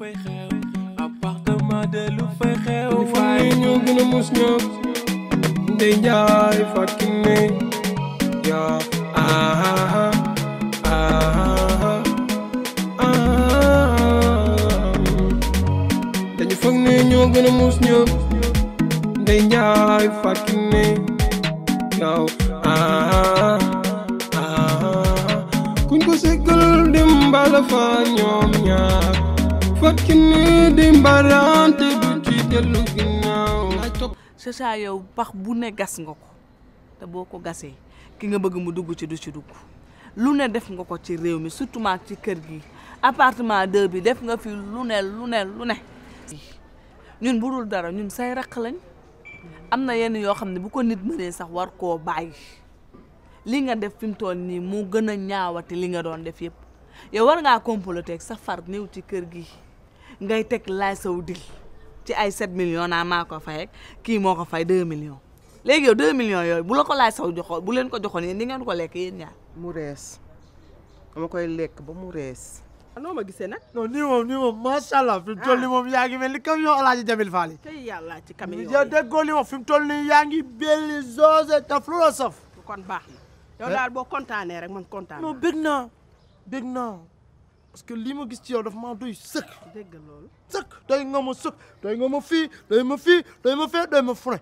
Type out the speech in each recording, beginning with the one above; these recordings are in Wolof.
fay xew appartement de lu fay xew waaye ñoo gën a mus ñëpp ndey ah ah ah ah. aha aha dañu foog ne ñoo gën a mus ñëpp ndey njaay fakkin ne yow ah kuñ ko sekkal dem bala fa ñoom ñaar fakki ni di mbarante du ci dellu ginnaaw Chacha yow pax bu ne gas nga ko te boo ko gasee ki nga bëgg mu dugg ci du ci dugg lu ne def nga ko ci réew mi surtout maak ci kër gi appartement 2 bi def nga fi lu ne lu ne lu ne ñun bu dul dara ñun say raq lañ am na yenn yoo xam ne bu ko nit mënee sax war koo bàyyi li nga def fi mu toll nii mu gën a ñaawati li nga doon def yëpp yow war ngaa comploter ak sa far néew ci kër gi ngay teg laay saw dil ci ay million millions naa ko fay ak kii moo ko fay 2 million léegi yow 2 millions yooyu bu la ko laay saw joxoon bu leen ko joxoon yéen di ngeen ko lekk yéen ñaar. mu rees dama koy lekk ba mu rees. Ah, noo ma gisee nag. non nii moom nii moom macha allah fi mu toll ah. yaa ngi mel ni camion Alaaji Jamil Faali. tey yàlla ci camion yi yow li wax fi mu toll nii yaa ngi belli zoose te fu kon baax na yow daal boo kontaanee rek man kontaan. non bëgg naa bëgg parce que lii ma gis ci yow daf maa doy sëkk. doy nga ma sëkk doy nga ma fii doy ma fee doy ma fure.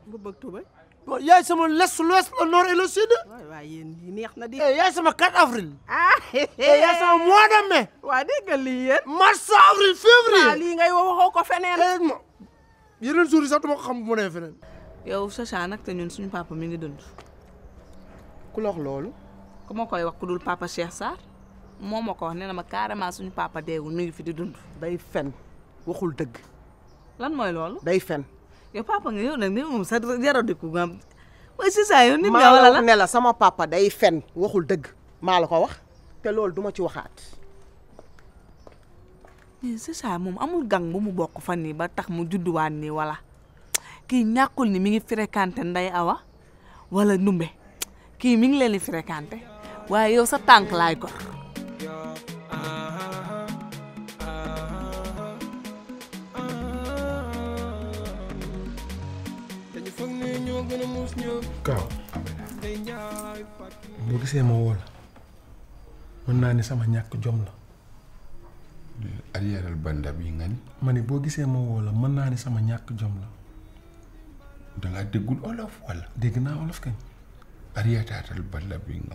yaay sama l'est l'ouest le nord et le sud. waaw waaw yéen yi neex na di. Eh, yaay sama 4 avril. Ah. Eh, yaay sama mois de mai. waaw dégg nga lii yéen. mars avril février. waaw ah, lii ngay waxoo ko eh, ko xam bu ma nee feneen. yow Chacha nag te ñun suñu papa mi ngi dund. ku la loolu. ku ma koy wax ku papa Cheikh moom ma ko wax ma carrément suñu papa deewul mi ngi fi di dund. day fen waxul dëgg. lan mooy loolu. day fen. yow papa nga yow nag ni moom sa jaradiku nga am. mooy si saa nit nga wala la sama papa day fen waxul dëgg. maala ko wax te loolu duma ci waxaat. mais c'est ça moom amul gang bu mu bokk fan nii ba tax mu judduwaat nii wala kii ñàkkul ni mi ngi fréquenté nday awa walla ndumbe kii mi ngi leen di fréquenté waaye yow sa tànk laay ko ñi ñoo gën a muus ñoo gaaw gisee ma woo mën naa ni sama ñàkk jom la arrière nga ni ma boo gisee ma mën naa sama ñàkk jom la dangaa déggul olof wala dégg naa olof kañ ariyataatal bandab nga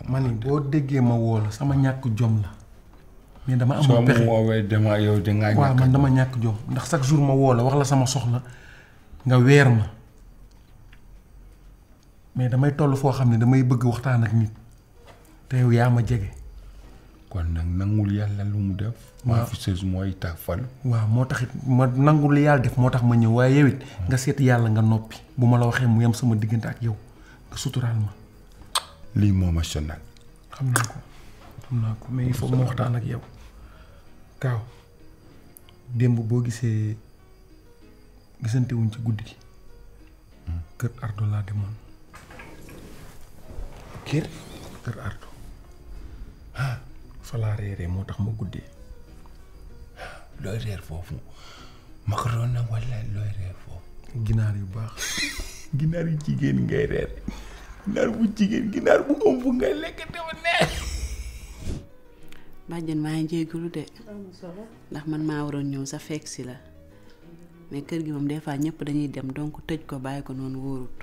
ma boo sama ñàkk jom la mais dama pexe soo dama yow jom ndax chaque jour ma sama soxla nga ma mais damay toll foo xam ne damay bëgg waxtaan ak nit te yow yaa ma jege. kon nag nangul yàlla lu mu def. waaw fiseuse mooy tax fal. waaw moo tax ma nangul yàlla def moo tax ma ñëw waaye yow it nga seet yàlla nga noppi bu ma la waxee mu yem sama diggante ak yow nga suturaal ma. lii moo ma sonal. xam naa ko xam naa ko mais il faut ma waxtaan ak yow Kaaw démb boo gisee gisante wuñ ci guddi hmm. kër Ardo la demoon. kër kër ardo ah fa moo tax ma guddee looy reer foofu macaroni wala looy reer foofu ginaar yu baax ginaar yu jigéen ngay reer ginaar bu jigéen ginaar bu ëmb ngay lekk dafa neex bàjjen maa ngi jégalu de ndax man maa waroon ñëw sa fekk si la mais kër gi moom des fois ñëpp dañuy dem donc tëj ko bàyyi ko noonu wóorut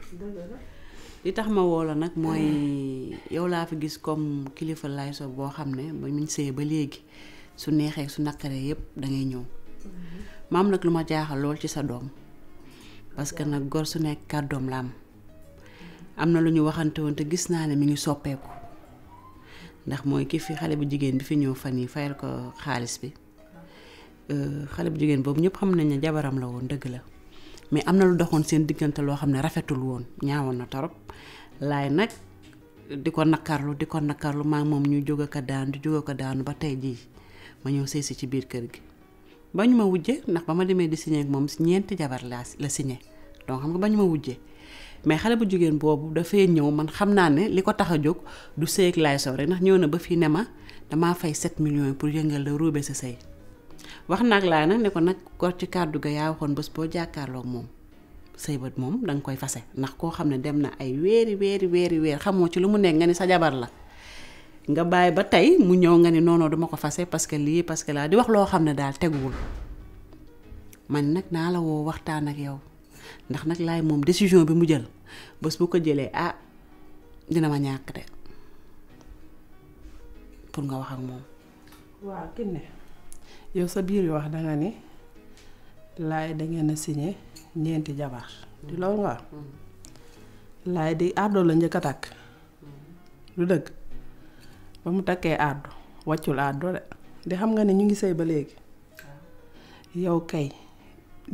li tax ma woo nag mooy mm. yow laa fi gis comme kilifa laay so boo xam ne ba muñ sëy ba léegi su neexee su naqaree yëpp da ngay ñëw mm-hmm. maam nag lu ma jaaxal lool ci sa doom parce que nag gor su nekk kàddoom la am am na lu ñu waxante woon te gis naa ne mi ngi soppeeku ndax mooy kii fi xale bu jigéen bi fi ñëw fan yi fayal ko xaalis bi euh, xale bu jigéen boobu ñëpp xam nañ ne jabaram la woon dëgg la mais am na lu doxoon seen diggante loo xam ne rafetul woon ñaawoon na torop laay nag di ko nakkarlu di ko nakkarlu maa moom ñu jóg ko daan di jóg ko daanu ba tey jii ma ñëw sëy si ci biir kër gi ba ñu ma wujje ndax ba ma demee di signé ak moom ñeenti jabar laa la signé donc xam nga ba ñu ma wujje mais xale bu jigéen boobu dafay ñëw man xam naa ne li ko tax a jóg du sëy ak laay sow rek ndax ñëw na ba fii ne ma damaa fay 7 millions pour yëngal la ruube sa sëy wax naag laa nag ne ko nag gor ci kàddu ga yaa waxoon bés boo jàkkaarloog moom say bët moom da koy fase ndax koo xam ne dem na ay weeri weeri weeri weer xamoo ci lu mu nekk nga ni sa jabar la nga bàyyi ba tey mu ñëw nga ni noonoo duma ko fase parce que lii parce que laa di wax loo xam ne daal teguwul man nag naa la woo waxtaan ak yow ndax nag laay moom décision bi mu jël bés bu ko jëlee ah dina ma ñàkk de pour nga wax ak moom. yow sa biir yoo wax da nga ni laay da ngeen a signé ñeenti jabar mm. di loolu nga mm. laay di ardo la njëkk a takk mm. lu dëgg ba mu takkee ardo wàccul ardo de di xam nga ne ñu ngi sëy ba léegi ah. yow kay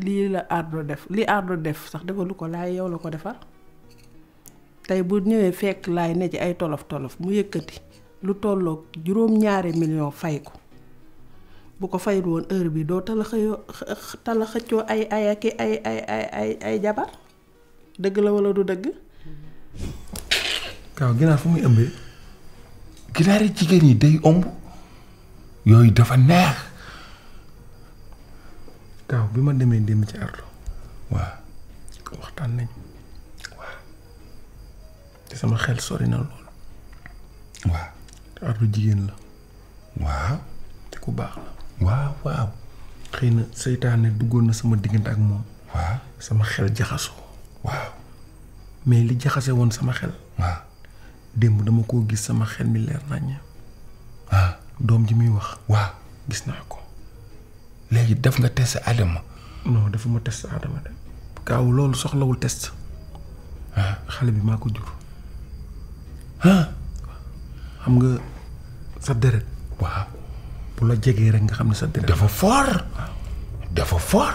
lii la ardo def li ardo def sax lu ko laay yow la ko defar tey bu ñëwee fekk laay ne ci ay tolof tolof mu yëkkati lu tolloog juróom ñaari million fay ko bu ko fayul woon heure bi doo tala xëyoo tala xëccoo ay ay ay ay jabar dëgg la wala du dëgg. kaw ginaar fu muy ëmbee. ginaar yi jigéen yi day ëmb yooyu dafa neex. kaw bi ma demee démb ci ardo waaw waxtaan nañ waaw te sama xel sori na lool. waaw te jigéen la. waaw te ku baax la. waaw waaw xëy na seytaane duggoon na sama diggante ak moom. waaw sama xel jaxasoo. waaw mais li jaxase woon sama xel. waaw démb dama koo gis sama xel mi leer naññ. Ah. doom ji muy wax. waaw gis naa ko. léegi def nga test Adama. non dafa ma test Adama de. kaaw loolu soxlawul test. ah xale bi maa ko jur. Ah. xam nga sa deret. waaw. bu la jegee rek nga xam ne sa deret dafa for dafa for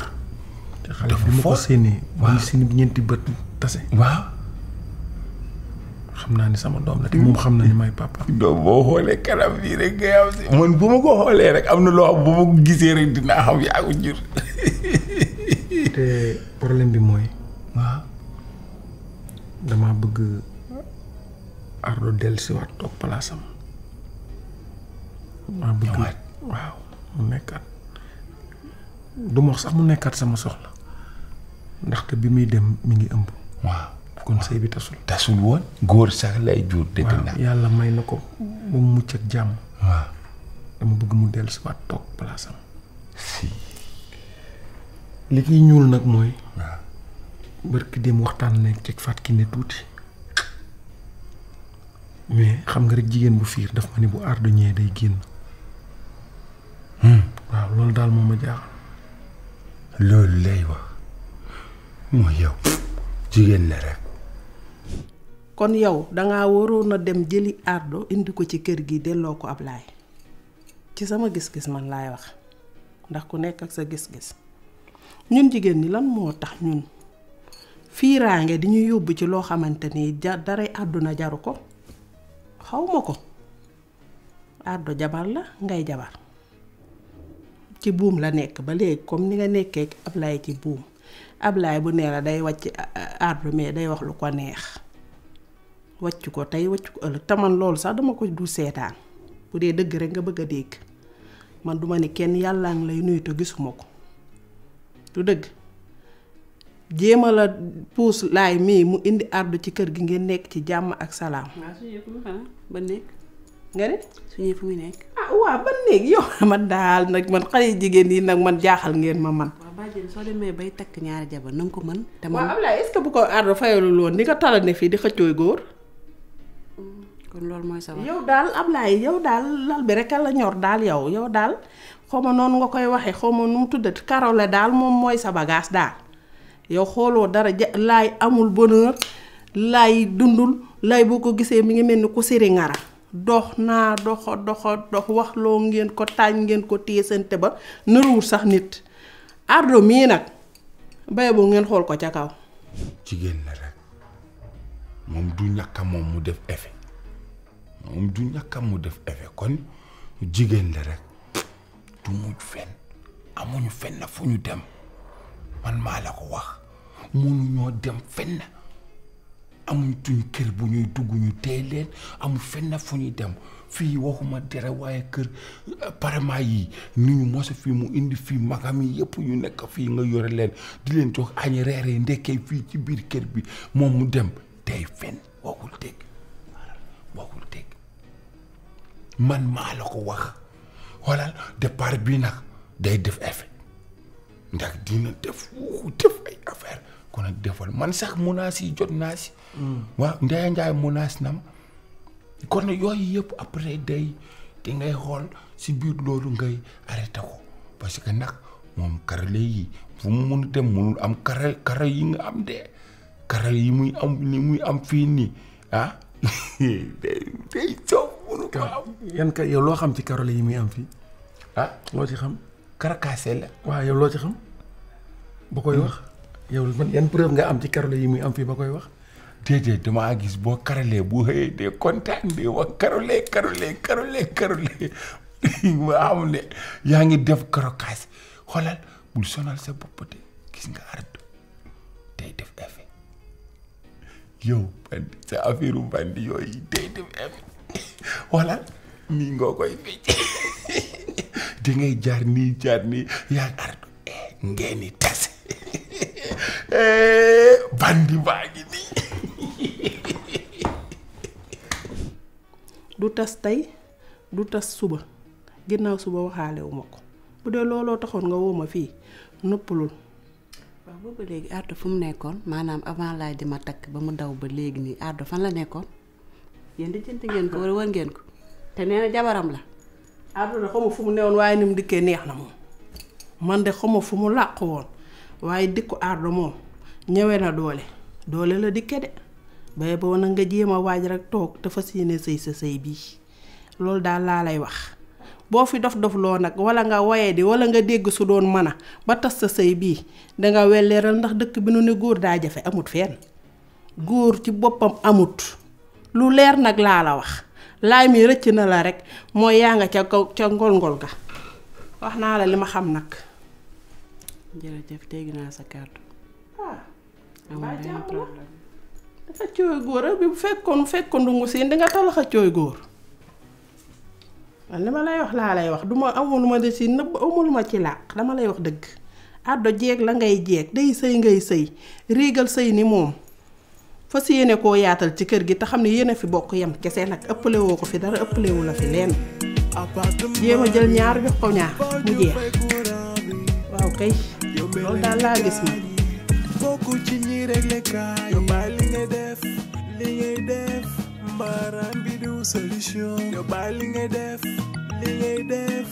dafa fort ko séenee waaw seen ñeenti bët tase ya. waaw xam naa ni sama doom la te moom xam na ni may papa doom boo xoolee kanam bi rek nga am si man bu ma ko xoolee rek am na loo xam bu ma ko gisee rek dinaa xam yaa ko jur te problème bi mooy waaw dama bëgg Ardo del dellusiwaat toog am maa bëgg Wow, mu nekkat du ma sax mu sama soxla ndaxte bi muy dem mi ngi ëmb. waaw kon sëy bi tasul. tasul woon góor sax lay jur. dëgg la yàlla may na ko mu mucc ak jàmm. waaw dama bëgg mu dellu si waat toog place am. si. li kiy ñuul nag mooy. waaw barki dem waxtaan nekk ci ki ne tuuti. mais xam nga rek jigéen bu fiir daf ma ni bu ardu day génn waaw loolu daal moo ma jaaxal loolu lay wax yow jigéen la rek kon yow dangaa waroon a dem jëli ardo indi ko ci kër gi delloo ko ab laay ci sama gis-gis man laay wax ndax ku nekk ak sa gis-gis ñun jigéen ni lan moo tax ñun fiiraange di ñu yóbbu ci loo xamante ni ja daray àdduna jaru ko xaw ma ko ardo jabar la ngay jabar ci buum la nekk ba léegi comme ni nga nekkee Ablaye ci buum Ablaye bu nee la day wacc arbre mais day wax lu ko neex wàcc ko tey wacc ko ëll te loolu sax dama ko du seetaan bu dee dëgg rek nga bëgg a dégg man duma ne kenn yàllaa lay nuyu gisuma ko lu dëgg jéem a la puus laay mii mu indi arbre ci kër gi ngeen nekk ci jàmm ak salaam. ba nekk. nga ne. suñu fu muy nekk. ah waaw ban néeg yow man daal nag man xale jigéen yi nag man jaaxal ngeen ma man. waaw bàjjen soo demee ñaari jabar na ko man waaw Ablaye est-ce que bu ko Ardo fayalul woon talal ne fii di xëccooy góor. loolu mooy sama. yow daal Ablaye yow daal lal bi rek la ñor daal yow yow daal xaw ma noonu nga koy waxee xaw ma nu mu tuddati karole daal moom mooy sa bagaas daal yow xooloo dara ja laay amul bonheur laay dundul laay boo ko gisee mi ngi mel ni ku siri ngara. dox naa doxa doxa dox waxloo ngeen ko taañ ngeen ko téesante ba nëruwul sax nit ardo mii nag baye ngeen xool ko ca kaw jigéen la rek moom du ñàkka moom mu def effet moom du ñàkka mu def effet kon jigéen la rek du mujj fenn amuñu fenn fu ñu dem man maa la ko wax mënuñoo dem fenn amuñ tuñ kër bu ñuy dugg ñu tee leen amul fenn fu ñuy dem fii waxuma dere waaye kër parement yi ni ñu mos fii mu indi fii magam yi yëpp ñu nekk fii nga yore leen di leen jox añ reere ndekkee fii ci biir kër bi moom mu dem tey fenn waxul dégg waxul dégg man maa la ko wax xoolal départ bii nag day def effet ndax dina def wuxu def ay affaire kon ak defal man sax menace yi jot na ci mm. wa ndey Ndiaye menace nam kon yoy yep après day te ngay xol si biir lolu ngay arrêté ko parce que nak mom karale yi fu mu mun dem mu am kara kara yi nga am de kara yi muy am ni muy am fini, ni ah day day coow munu ko am. yan ka yow lo xam ci karale yi muy am fi ah loh ci xam. karakasel wa yow lo ci xam bu koy wax yow man yan preuve nga am ci karole yi muy am fi bakoy wax déedéet dama gis bo karalee bu hey de contane de wax karole karole karole karole ma am ne yaangi def karokaas xoolal bu sonal sa bopp gis nga ardo day def effet yow ben sa affaire bandi yooyu day def effet wala nii nga koy fecc da ngay jarni jarni ya nii yaa ardo eh, ngeen ni Eh, bandi baa ngi nii du tas tey du tas suba ginnaaw suba waxaalewuma ko bu dee looloo taxoon nga woo ma fii noppalul waaw booba léegi Ardo fu mu nekkoon maanaam avant laay di ma takk ba mu daw ba léegi nii Ardo fan la nekkoon yéen di jënt ngeen ko wala war ngeen ko te nee na jabaram la Ardo de xaw fu mu newoon waaye ni mu dikkee neex na moom man de xaw ma fu mu làq woon waaye dikku ardo moom ñëwee na doole doole la dikke de bay boo nag nga jéem a waaj rek toog dafa fas sëy sa sëy bii loolu daal laa lay wax boo fi dof dof loo nag wala nga woye di wala nga dégg su doon mën a ba tas sa sëy bii danga welleeral ndax dëkk bi nu ne góor daa jafe amut fenn góor ci boppam amut lu leer nag laa la wax laay mi rëcc na la rek mooy yaa nga ca kaw ca ngol ngol ga wax naa la li ma xam nag jërëjëf dégg naa sa kàddu. ah mbaa jàmm la dafa cooy góor bi bu fekkoon fekkoon dungu siin di nga talax a cooy góor man li ma lay wax laa lay wax du ma amul ma de si nëbb amul ma ci làq dama lay wax dëgg àddo jeeg la ngay jeeg day sëy ngay sëy riigal sëy ni moom fas yéene koo yaatal ci kër gi te xam ne yéen fi bokk yam kese nag ëppale woo ko fi dara ëppale wu la fi leen jéem jël ñaar jox ko ñaar mu jeex waaw kay loolu daal laa gis ma bokku ci ñi réglé kaay yo bàyyi li ngay def li ngay def mbaram bi du solution yo li ngay def li ngay def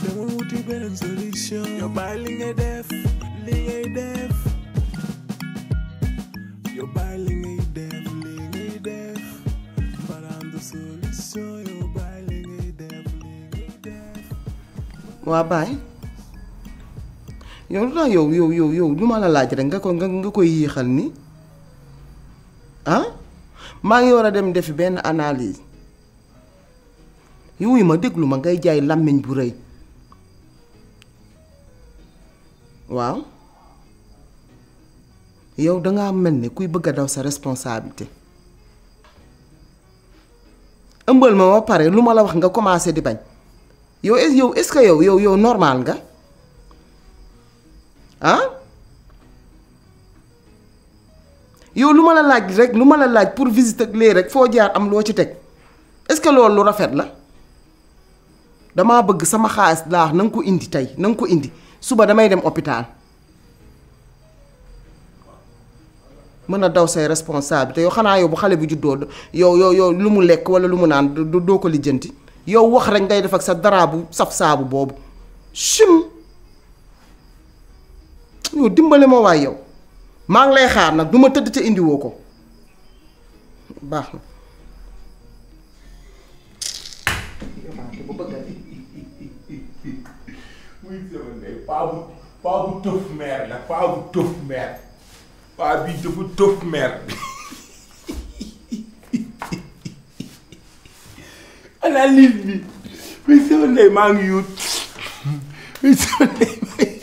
dama wuti solution yo li ngay def li ngay def waa baay yow lu yow yow yow yow lu ma la laaj rek nga ko nga nga ko yéexal ni ah maa ngi war a dem def benn analyse yow yi ma déglu ma ngay jaay làmmiñ bu rëy waaw yow dangaa mel ne kuy bëgg a daw sa responsabilité ëmbal ma ba pare lu ma la wax nga commencé di bañ yow yow est-ce que yow yow yow normal nga. ah yow lu ma la laaj rek lu ma la laaj pour visite ak lee rek foo jaar am loo ci teg est-ce que loolu lu rafet la damaa bëgg sama xaalis laax na nga ko indi tey na nga ko indi suba damay dem hôpital mën a daw say responsabilité yow xanaa yow bu xale bu juddoo yow yow lu mu lekk walla lu mu naan doo ko lijjanti yow wax rek ngay def ak sa dara bu saf saabu boobu yow dimbale ma waay yow maa ngi lay xaar nag du ma tëdd ca indiwoo ko baax na. paa bu tëf meer la paa bu tëf meer paa bi dafa tëf meer analyse bi muy sama ndey maa ngi yóot muy sama ndey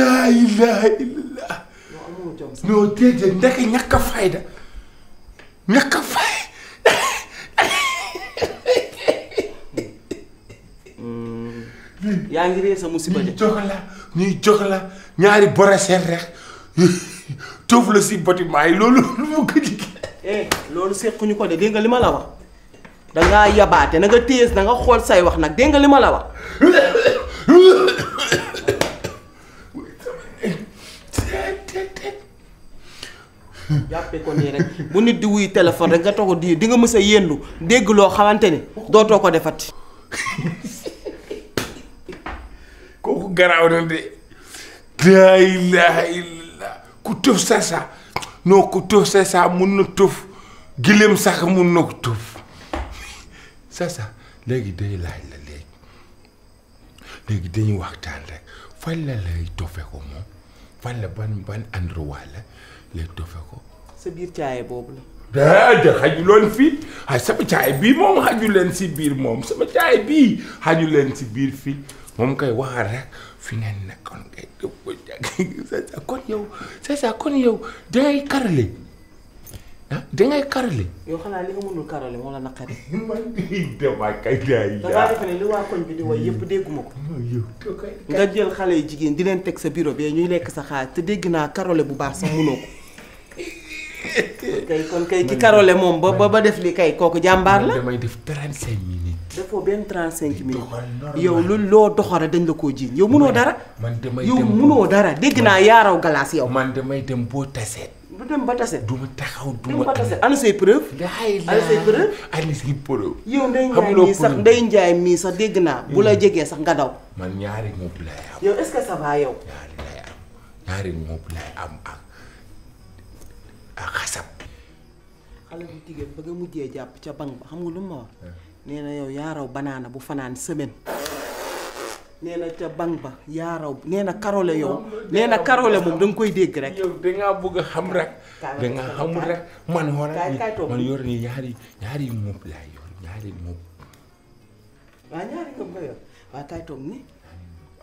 laa ilaha illallah non déedéet yaa ngi ree sa musiba de ñuy jox la ñaari borosel rek toof la si bâtiment yi loolu lu mu ko di eh, loolu sequñu ko de dégg nga li ma la wax dangaa yabaate na nga téyes na xool say wax nag dégg nga li ma la wax jàppee ko nit di wuy téléphone rek nga toog di di nga mës a yendu dégg loo xamante ni dootoo ko defati. kooku garaaw na de. laa ilaaha illallaah ku tëf sa sa noo ku tëf sa sa mun na tëf gileem sax mun na ko tëf sa sa léegi day laaj la léegi léegi dañuy waxtaan rek fan la lay tofe ko moom fan la ban ban endroit la. léegi dofe ko. sa biir caaye boobu la. déedéet xaju loon fii ay sama caay bii moom xaju leen si biir moom sama caay bii xaju leen si biir fii moom koy waxal rek fi ngeen nekkoon kon yow c'est ça yow dangay karale ah dangay karale. yow xanaa li nga mënul karale moo la naqari. man bii damaa kay daay. da ngaa li waa koñ bi di woy yëpp dégguma ko. yow nga jël xale yu jigéen di leen teg sa biro bi ñuy lekk sa xaalis te dégg naa karale bu baax sa mënoo ko. kay kon kay ki karole moom ba ba def li kay kooku jàmbaar la damay def 35 minutes. dafoo benn yow lu loo doxara dañ la koo jiiñ yow munoo dara. man damay dem yow munoo dara dégg naa yaaraw galaas yow. man damay dem boo taseet. du dem ba tase. du ma taxaw du ma tase ana say preuve. ana say preuve. ana say preuve. yow Ndeye Ndiaye mii sax Ndeye Ndiaye mii sax dégg naa. Hmm. bu la jegee sax nga daw. man ñaari moom lay am. yow est-ce que ak xala xale bu jigéen ba nga mujjee jàpp ca bang ba xam nga lu ma wax néna yow ya raw banana bu fanaan semaine néna ca bang ba ya raw néna carolé yow néna carolé mom dang koy dégg rek yow dangaa bëgg xam rek dangaa xam rek man xoolal man yor ni ñaari ñaari mo play ya, yor ñaari moom ñaari ko ba yor ba tay toog ni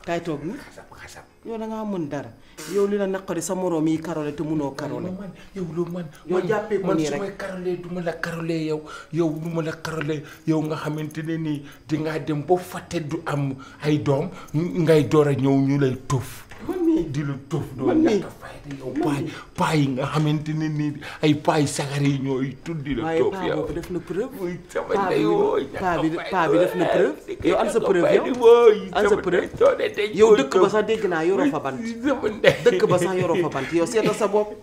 kaay toog nii xasab xasab yow da mën dara yow li la naqari sa moroom yi karole te munoo karole man yow loolu man yow jàppee man su karole du ma la karole yow yow du ma la karole yow nga xamante ne nii dingaa dem boo fàtte du am ay doom ngay door a ñëw ñu lay tuuf di lu dof doon ñàkk fayda yow paa paa yi nga xamante ne nii ay paa yi sagar yi ñooy tuddi la dof yow waaye def na preuve muy sama ndey wooy paa bi paa bi def na preuve yow am sa preuve yow am sa preuve yow dëkk ba sax dégg naa yoroo fa bant dëkk ba sax yoroo fa bant yow seetal sa bopp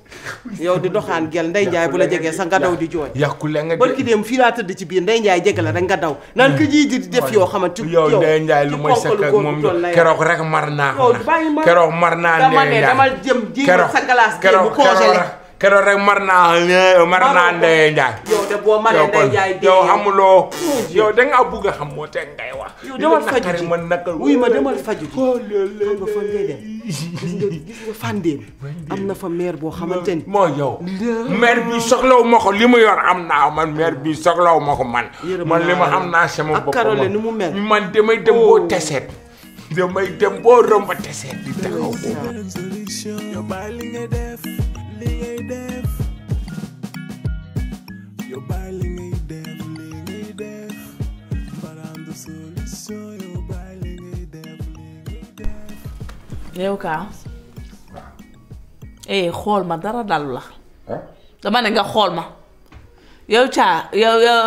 yow di doxaan gel nday njaay bu la jegee sax nga daw di jooy yàqule nga barki dem fii laa tëdd ci biir nday njaay jege la rek nga daw naan ko jii di def yoo xamante yow nday njaay lu may sakk ak moom keroog rek mar naa ko naa ndey dama jëm jéem sa glace bu congelé keroog rek mar naa eh, mar naa ndey njaay yow de boo maree ndey njaay yow xamuloo da ngaa bugg a xam moo teg ngay wa yow demal faju ji man naka wuy ma demal faju ji oh, xam nga am na fa maire boo xamante ni moo yow maire bi soxlaw ma ko li mu yor am naa man maire bi soxlaw ko man man li ma am naa sama bopp man man damay dem damay dem boo romb te seet di taxaw yow bàyyi li ngay def li ngay def yow bàyyi li def li ngay def maanaam du solution yow bàyyi li def li ngay def yow kaa eh xool ma dara dalu la dama ne nga xool ma yow caa yow yow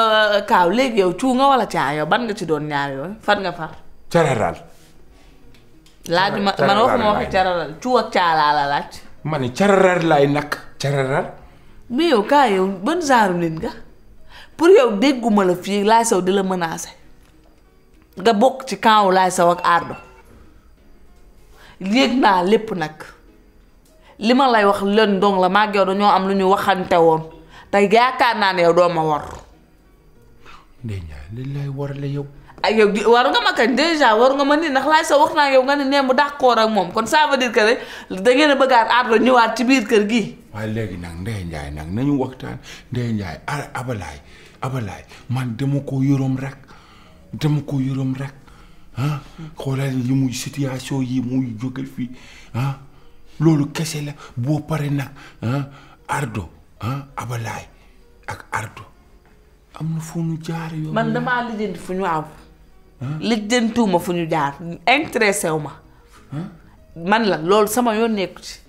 kaaw léegi yow cuu nga wala caa yow ban nga ci doon ñaar yooyu fan nga far. cere daal laaj ma man waxuma waxi cararal cu ak caalaa la laaj. ma ne cararal laay nag cararal. mais yow kaa yow ban genre nit nga pour yow dégguma la fii laay saw di la menacer nga bokk ci camp laay saw ak ardo yéeg naa lépp nag li ma lay wax len dong la maag yow dañoo am lu ñu waxante woon te yaakaar naa ne yow doo war. ndey yow. ay yow waru nga ma kañ dèjà waru nga ma ni ndax laaj sa wax naa yow nga ne nee mu koor ak moom kon ça veut dire da ngeen a bëggaat aar ñëwaat ci biir kër gi. waaye léegi nag Ndeye Ndiaye nag nañu waxtaan Ndeye Ndiaye abalaay ah, abalaay man dama ko yërëm rek dama ko yërëm ah, muy situation yi ah, kese la boo pare abalaay ak ardo am na fu ñu jaar yow. man damaa lijjanti fu ñu aw. lijjantuuma fu ñu jaar intéressé wu ma man la loolu sama yoon nekku ci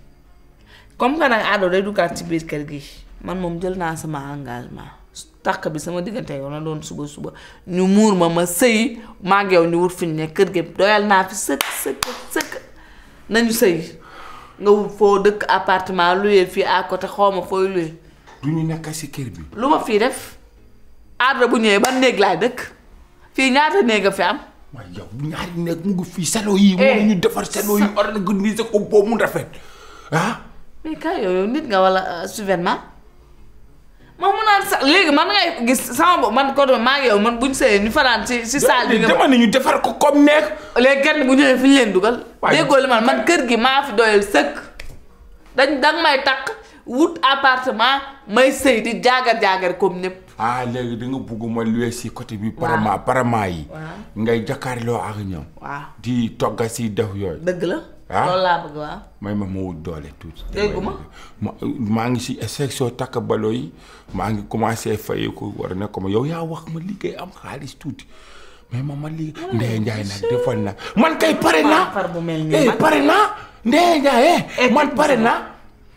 comme que nag Ado day duggaat ci biir kër gi man moom jël naa sama engagement takk bi sama diggante yow na doon suba suba ñu muur ma ma sëy maag yow ñu wut fi ñu ne kër gi doyal naa fi sëkk sëkk sëkk nañu sëy nga wut foo dëkk appartement luyee fii à côté xaw ma fooy luyee du ñu nekk si kër bi lu ma fii def Ado bu ñëwee ban néeg laay dëkk fii ñaata néeg nga fi am. waaye yow ñaari néeg mu ngi fii salon yi. mu eh, ñu defar salon yi organiser ko boobu mu rafet ah. mais kaay yow nit nga wala euh, souverainement man mu a sax léegi man ngay gis sama bopp man kóodo maa ngi yow man bu ñu seeyee ñu fanaan ci ci salle bi eh, nga. dama ni ñu defar ko comme néeg. léegi kenn bu ñëwee fi ñu leen dugal. waaye déggoo li man man kër gi maa fi doyal sëkk. dañ danga may takk wut appartement may sëy di jaagar jaagar comme ñëpp. ah léegi da nga bugg ma luwe si côté bi. parama parama yi. ngay jàkkaarloo ak ñoom. waaw di togga si def yooyu. dëgg la. Ah. laa bëgg may ma ma wut doole tuuti. déggu ma maa ngi si section takk balo yi maa ngi commencé fay ko ma yow yaa wax ma liggéey am xaalis tuuti mais ma ma liggéey. Ah, Ndeye Ndiaye nag defal na man kay pare naa. par bu mel pare eh, naa man pare na eh, eh,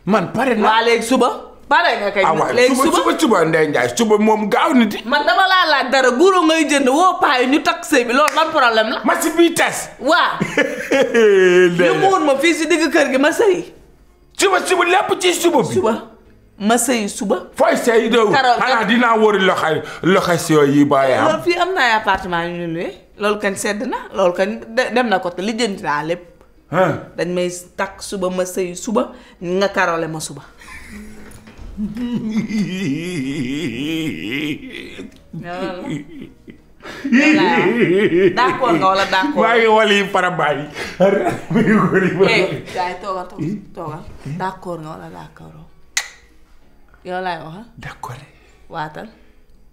man pare naa. waa léegi suba. pare nga kay ah, léegi suba suba suba Ndeye suba moom gaaw na man dama laa laaj dara guro ngay jënd woo paa yi ñu takk sëy bi loolu ban problème la. ma si bii tas. waaw. léegi mu ma fii si digg kër gi ma sëyi. suba suba lépp ci suba bi suba. Eh. dinaa wóor loxo loxo si yi bàyyi am. loolu fii am na ay appartement yu ñu luwee loolu kañ sedd na loolu kañ dem na ko te lijjanti naa lépp. dañ may takk suba ma sëyi suba nga karole ma suba. Não. Não. Dá com a gola, dá com Vai, olhe para baixo. Ei, dai, toga, toga, toga. Dá cornola, dá coro. Eu lá, ó. Dá core. Water.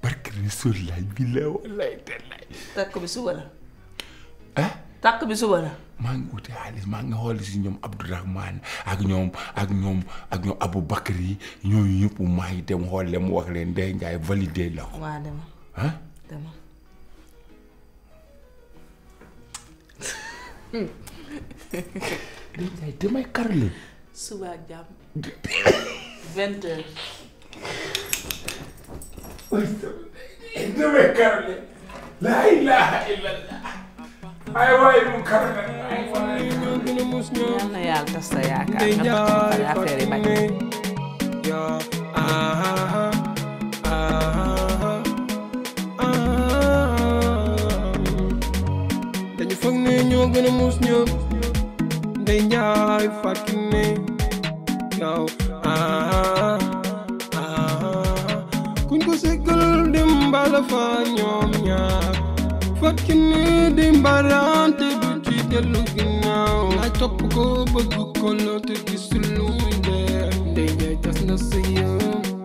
Porque isso lá, bila, olha, tá lá. Tá com isso, olha. Hã? Tá com isso, olha. maa ngi uti xaalis maa ngi xool si ñoom Abdourahmane ak ñoom ak ñoom ak ñoom Aboubacar yi ñooñu ñëpp maa ngi dem xool leen mu la ay waay mu kar yal na yàlla tas sa yaakaar nga tax affaire yi bañ dañu foog ne ñoo gën a muus ñëpp ndey njaay fàkki ne yow ah, ah, ah, kuñ ko sekkal dem mbala fa ñoom ñaar fakkin di mbaraan te du ci dellu ginnaaw la topp ko bëgg ko loo te gisul luy dee tas na sa